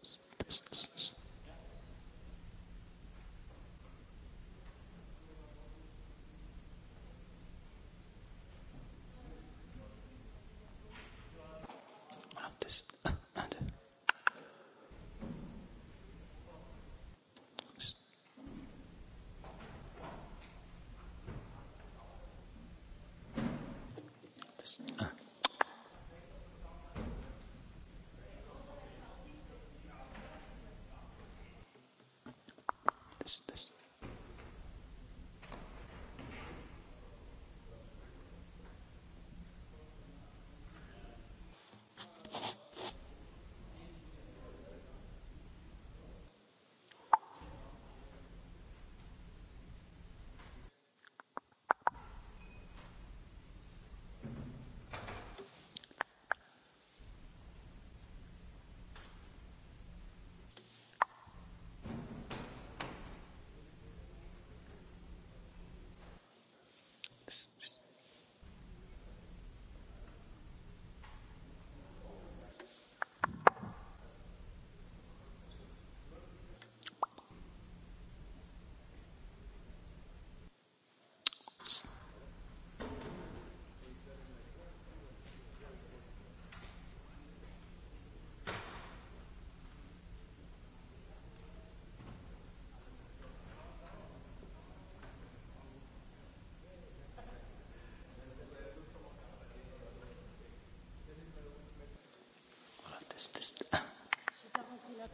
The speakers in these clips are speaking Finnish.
Jesus. business arvoisa puhemies hyvät kollegat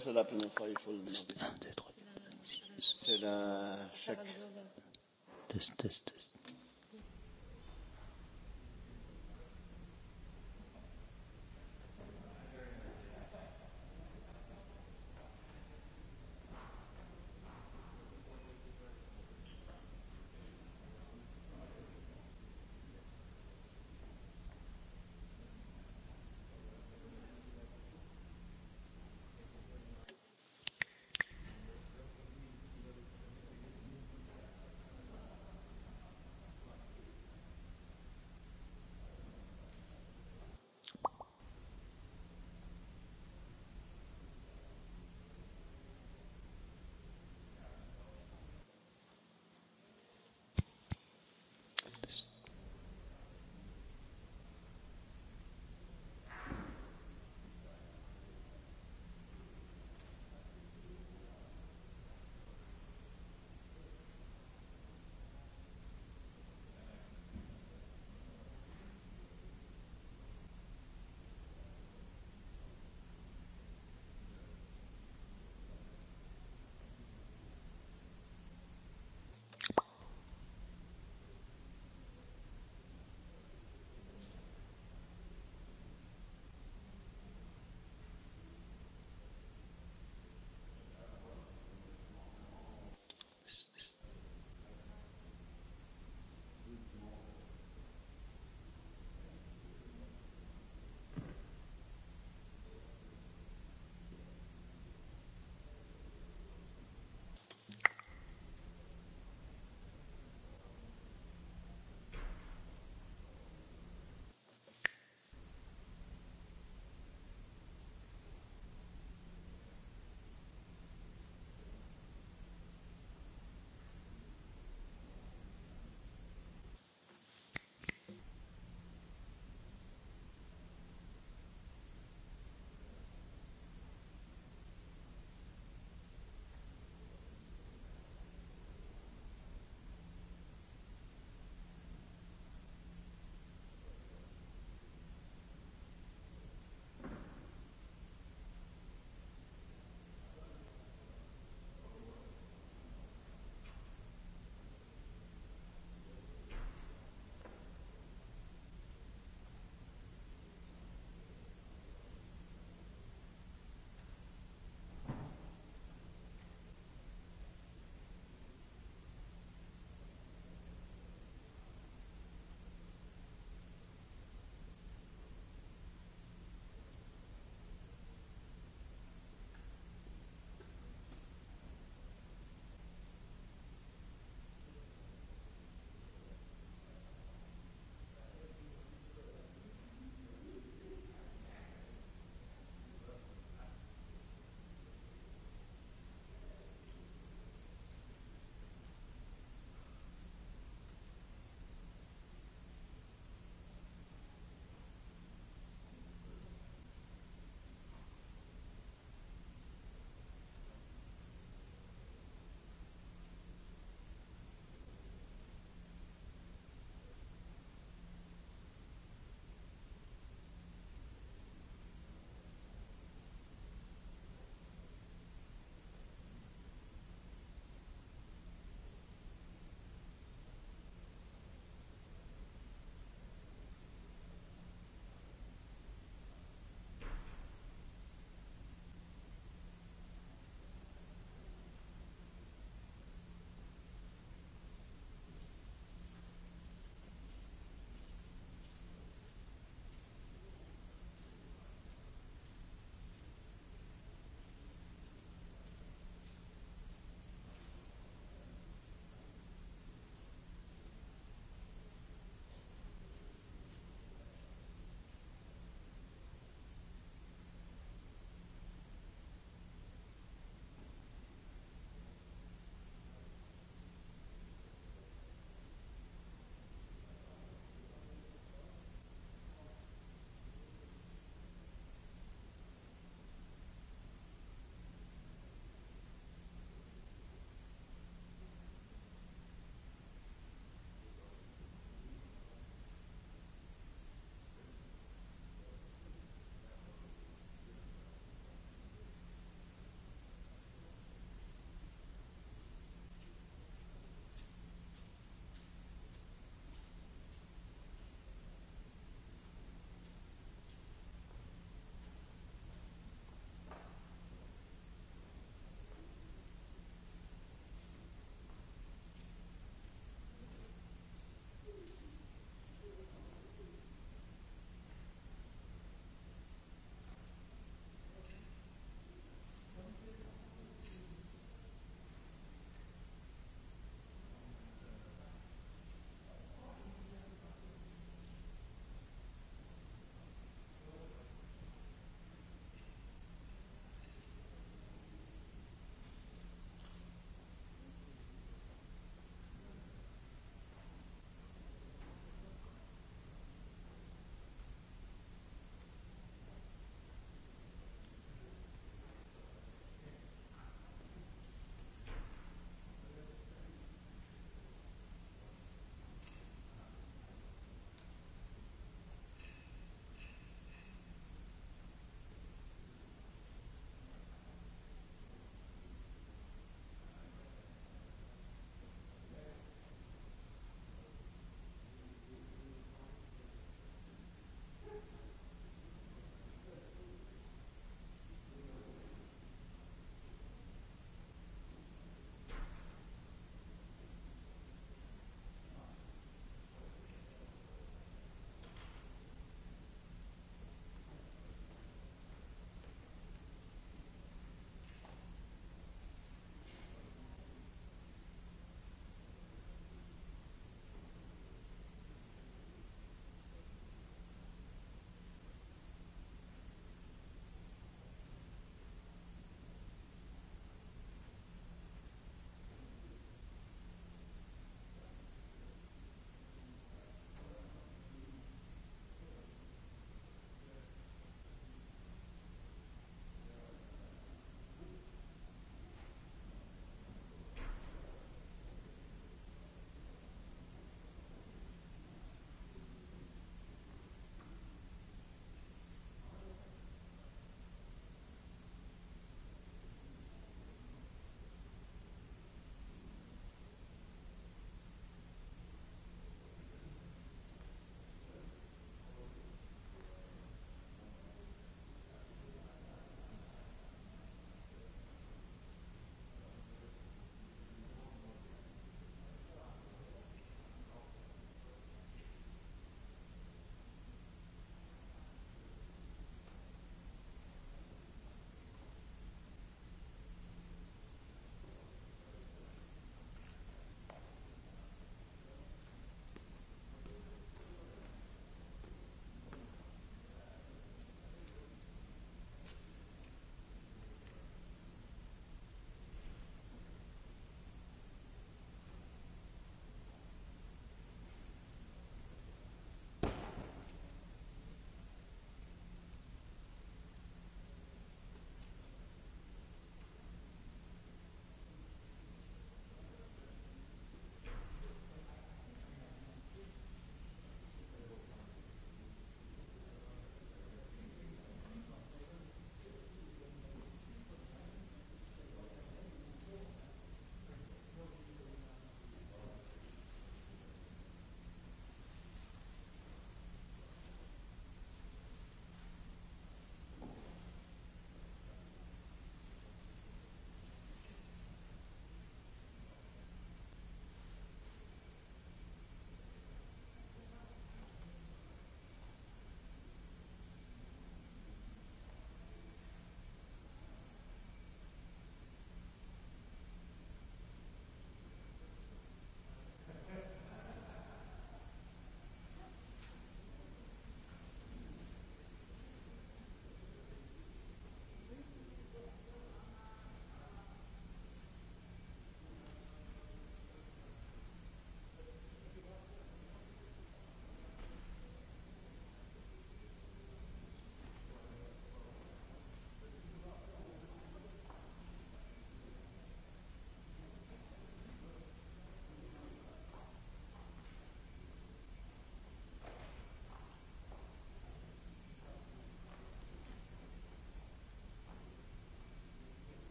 C'est la première fois, il faut le demander. C'est la... Test, test, test.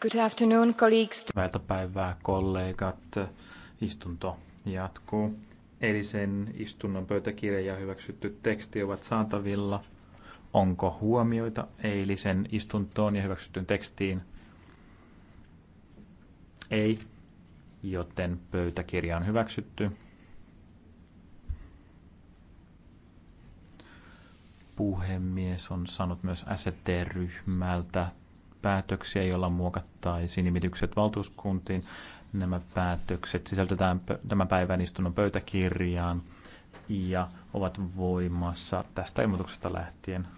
Good afternoon, colleagues. Hyvää päivää, kollegat. Istunto jatkuu. Eilisen istunnon pöytäkirja ja hyväksytty teksti ovat saatavilla. Onko huomioita eilisen istuntoon ja hyväksyttyyn tekstiin? Ei, joten pöytäkirja on hyväksytty. puhemies on saanut myös ST-ryhmältä päätöksiä, joilla muokattaisiin nimitykset valtuuskuntiin. Nämä päätökset sisältetään tämän päivän istunnon pöytäkirjaan ja ovat voimassa tästä ilmoituksesta lähtien.